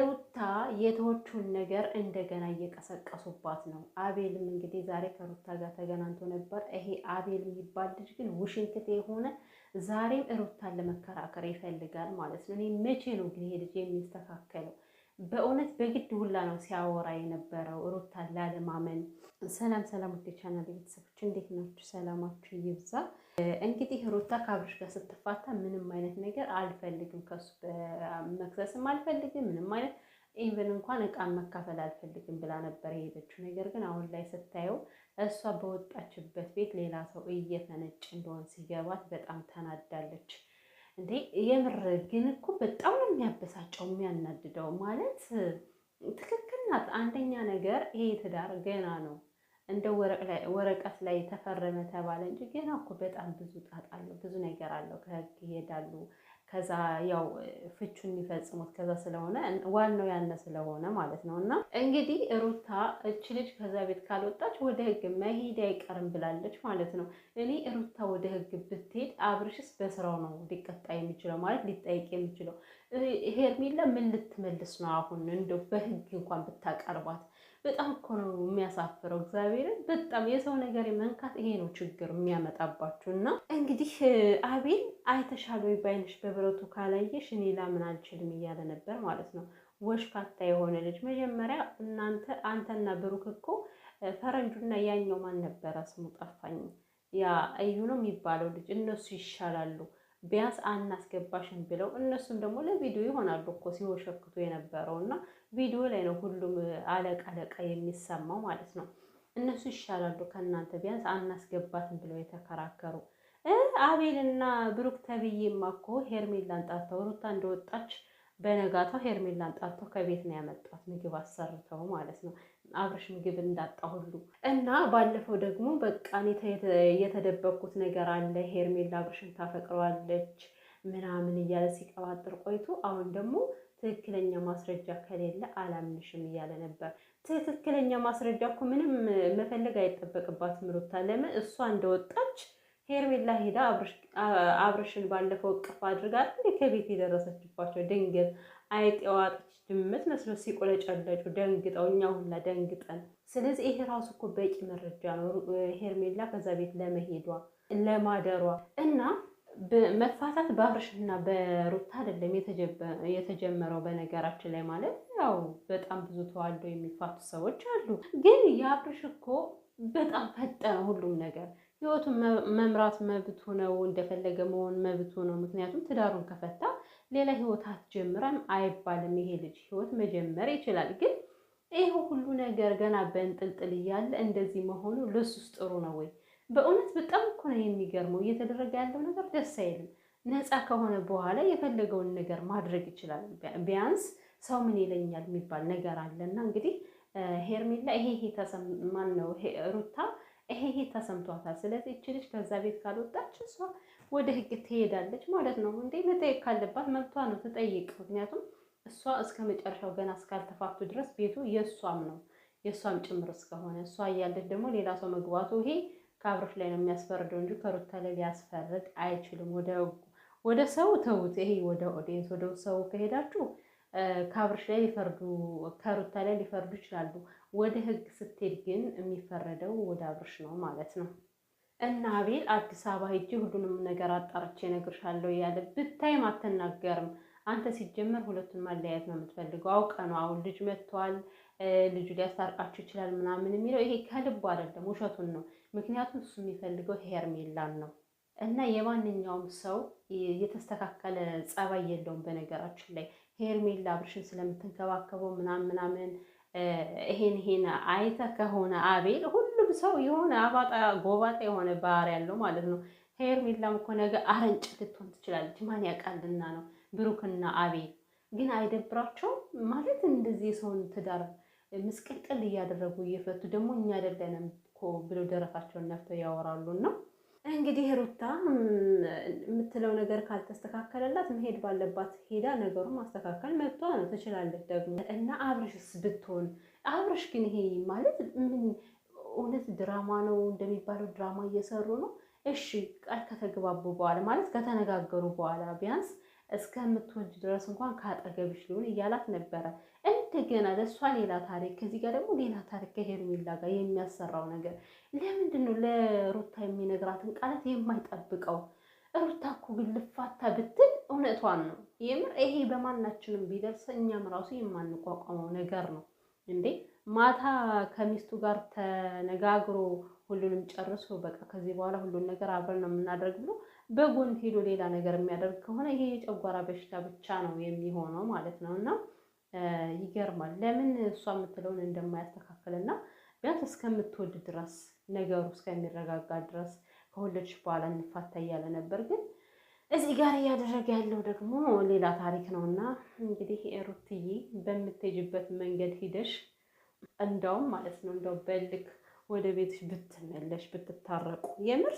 ሩታ የተወቹን ነገር እንደገና እየቀሰቀሱባት ነው። አቤልም እንግዲህ ዛሬ ከሩታ ጋር ተገናኝቶ ነበር። ይሄ አቤል የሚባል ልጅ ግን ውሽንክት የሆነ ዛሬም ሩታን ለመከራከር ይፈልጋል ማለት ነው። እኔ መቼ ነው ግን ይሄ ልጅ የሚስተካከለው? በእውነት በግድ ሁላ ነው ሲያወራ የነበረው ሩታ ላለማመን። ሰላም ሰላም፣ ውድ የቻናል ቤተሰቦች እንዴት ናችሁ? ሰላማችሁ ይብዛ። እንግዲህ ሩታ ከአብርሽ ጋር ስትፋታ ምንም አይነት ነገር አልፈልግም፣ ከሱ መክሰስም አልፈልግም፣ ምንም አይነት ኢቨን እንኳን እቃን መካፈል አልፈልግም ብላ ነበር የሄደችው። ነገር ግን አሁን ላይ ስታየው እሷ በወጣችበት ቤት ሌላ ሰው እየተነጭ እንደሆን ሲገባት በጣም ተናዳለች። እንዴ የምር ግን እኮ በጣም ነው የሚያበሳጨው የሚያናድደው። ማለት ትክክል ናት። አንደኛ ነገር ይሄ ትዳር ገና ነው እንደ ወረቀት ላይ ተፈረመ ተባለ እንጂ ገና እኮ በጣም ብዙ ጣጣ አለው፣ ብዙ ነገር አለው። ከህግ ይሄዳሉ ከዛ ያው ፍቹ የሚፈጽሙት ከዛ ስለሆነ ዋናው ያነ ስለሆነ ማለት ነው። እና እንግዲህ ሩታ እች ልጅ ከዛ ቤት ካልወጣች ወደ ህግ መሄድ አይቀርም ብላለች ማለት ነው። እኔ ሩታ ወደ ህግ ብትሄድ አብርሽስ በስራው ነው ሊቀጣ የሚችለው ማለት ሊጠይቅ የሚችለው ሄርሜላ ምን ልትመልስ ነው አሁን? እንደው በህግ እንኳን ብታቀርባት በጣም እኮ ነው የሚያሳፍረው። እግዚአብሔርን በጣም የሰው ነገር መንካት ይሄ ነው ችግር የሚያመጣባችሁ። እና እንግዲህ አቤል አይተሻል ወይ ባይነሽ በብረቱ ካላየሽ እኔ ላምን አልችልም እያለ ነበር ማለት ነው። ወሽካታ የሆነ ልጅ መጀመሪያ እናንተ አንተና ብሩክ እኮ ፈረንጁና ያኛው ማን ነበረ ስሙ ጠፋኝ፣ ያ እዩ ነው የሚባለው ልጅ እነሱ ይሻላሉ ቢያንስ አናስገባሽም ብለው እነሱም ደግሞ ለቪዲዮ ይሆናሉ እኮ ሲወሸክቱ የነበረው እና ቪዲዮ ላይ ነው ሁሉም አለቃ አለቃ የሚሰማው ማለት ነው። እነሱ ይሻላሉ ከእናንተ ቢያንስ አናስገባትም ብለው የተከራከሩ አቤልና ብሩክ ተብዬማ እኮ ሄርሜላን ጣልተው ሩታ እንደወጣች በነጋቷ ሄርሜላን ጣቶ ከቤት ነው ያመጧት፣ ምግብ አሰርተው ማለት ነው። አብረሽ ምግብ እንዳጣ ሁሉ እና ባለፈው ደግሞ በቃ የተደበኩት ነገር አለ፣ ሄርሜላ አብረሽን ታፈቅረዋለች ምናምን እያለ ሲቀባጥር ቆይቶ አሁን ደግሞ ትክክለኛ ማስረጃ ከሌለ አላምንሽም እያለ ነበር። ትክክለኛ ማስረጃ እኮ ምንም መፈለግ አይጠበቅባትም ሩታ። ለምን እሷ እንደወጣች ሄርሜላ ሄዳ አብርሽን ባለፈው እቅፍ አድርጋ እንዴ ከቤት የደረሰችባቸው ድንገት አይጥ ድመት መስሎ ሲቆለጨለጩ ደንግጠው እኛ ሁላ ደንግጠን። ስለዚህ ይሄ ራሱ እኮ በቂ መረጃ ነው ሄርሜላ ከዛ ቤት ለመሄዷ ለማደሯ እና መፋታት በአብርሽና በሩታ አይደለም የተጀመረው። በነገራችን ላይ ማለት ያው በጣም ብዙ ተዋልዶ የሚፋቱ ሰዎች አሉ። ግን የአብርሽ እኮ በጣም ፈጠነ ሁሉም ነገር ህይወቱን መምራት መብቱ ነው፣ እንደፈለገ መሆን መብቱ ነው። ምክንያቱም ትዳሩን ከፈታ ሌላ ህይወት አትጀምረም አይባልም። ይሄ ልጅ ህይወት መጀመር ይችላል። ግን ይህ ሁሉ ነገር ገና በእንጥልጥል እያለ እንደዚህ መሆኑ ለሱስ ጥሩ ነው ወይ? በእውነት በጣም እኮ ነው የሚገርመው። እየተደረገ ያለው ነገር ደስ አይልም። ነፃ ከሆነ በኋላ የፈለገውን ነገር ማድረግ ይችላል። ቢያንስ ሰው ምን ይለኛል የሚባል ነገር አለና እንግዲህ ሄርሜላ ይሄ ይሄ ተሰማን ነው ሩታ ይሄ ይሄ ተሰምቷታል። ስለዚህ እች ልጅ ከዛ ቤት ካልወጣች እሷ ወደ ህግ ትሄዳለች ማለት ነው። እንዴ መጠየቅ ካለባት መብቷ ነው ትጠይቅ። ምክንያቱም እሷ እስከ መጨረሻው ገና እስካልተፋቱ ድረስ ቤቱ የእሷም ነው የእሷም ጭምር እስከሆነ እሷ እያለች ደግሞ ሌላ ሰው መግባቱ ይሄ ከአብረሽ ላይ ነው የሚያስፈርደው እንጂ ከሩታ ላይ ሊያስፈርድ አይችልም። ወደ ወደ ሰው ተውት። ይሄ ወደ ኦዲየንስ ወደ ሰው ከሄዳችሁ ከአብርሽ ላይ ሊፈርዱ ከሩታ ላይ ሊፈርዱ ይችላሉ። ወደ ህግ ስትሄድ ግን የሚፈረደው ወደ አብርሽ ነው ማለት ነው። እና አቤል አዲስ አበባ ሄጄ ሁሉንም ነገር አጣርቼ እነግርሻለሁ እያለ ብታይም አትናገርም። አንተ ሲጀመር ሁለቱን ማለያየት ነው የምትፈልገው። አውቀ ነው አሁን ልጅ መጥቷል፣ ልጁ ሊያስታርቃችሁ ይችላል ምናምን የሚለው ይሄ ከልቡ አይደለም፣ ውሸቱን ነው። ምክንያቱም እሱ የሚፈልገው ሄርሜላን ነው። እና የማንኛውም ሰው የተስተካከለ ጸባይ የለውም በነገራችን ላይ ሄርሜላ አብርሽን ስለምትንከባከበው ምናምን ምናምን ይሄን ይሄን አይተ ከሆነ አቤል ሁሉም ሰው የሆነ አባጣ ጎባጣ የሆነ ባህሪ ያለው ማለት ነው። ሄርሜላም እኮ ነገ አረንጭ ልትሆን ትችላለች። ማን ያውቃልና ነው። ብሩክና አቤል ግን አይደብራቸውም ማለት እንደዚህ የሰውን ትዳር ምስቅልቅል እያደረጉ እየፈቱ ደግሞ እኛ አይደለንም እኮ ብለው ደረታቸውን ነፍተው ነው። እንግዲህ ሩታ የምትለው ነገር ካልተስተካከለላት መሄድ ባለባት ሄዳ ነገሩን ማስተካከል መብቷ ነው፣ ትችላለች ደግሞ እና አብረሽስ ብትሆን አብረሽ ግን ይሄ ማለት ምን እውነት ድራማ ነው እንደሚባለው ድራማ እየሰሩ ነው። እሺ ቃል ከተግባቡ በኋላ ማለት ከተነጋገሩ በኋላ ቢያንስ እስከምትወድ ድረስ እንኳን ከአጠገብሽ ሊሆን እያላት ነበረ። ገና ለእሷ ሌላ ታሪክ ከዚህ ጋር ደግሞ ሌላ ታሪክ ከሄርሜላ ጋር የሚያሰራው ነገር ለምንድን ነው? ለሩታ የሚነግራትን ቃላት የማይጠብቀው ሩታ እኮ ግን ልፋታ ብትል እውነቷን ነው። የምር ይሄ በማናችንም ቢደርስ እኛም ራሱ የማንቋቋመው ነገር ነው እንዴ። ማታ ከሚስቱ ጋር ተነጋግሮ ሁሉንም ጨርሶ በቃ ከዚህ በኋላ ሁሉን ነገር አብረን ነው የምናደርግ ብሎ በጎን ሄዶ ሌላ ነገር የሚያደርግ ከሆነ ይሄ የጨጓራ በሽታ ብቻ ነው የሚሆነው ማለት ነው እና ይገርማል። ለምን እሷ የምትለውን እንደማያስተካክልና ቢያንስ እስከምትወድ ድረስ ነገሩ እስከሚረጋጋ ድረስ ከወለድሽ በኋላ እንፋታ እያለ ነበር። ግን እዚህ ጋር እያደረገ ያለው ደግሞ ሌላ ታሪክ ነው እና እንግዲህ ሩትዬ በምትሄጂበት መንገድ ሂደሽ እንደውም ማለት ነው እንደው በልክ ወደ ቤትሽ ብትመለሽ ብትታረቁ የምር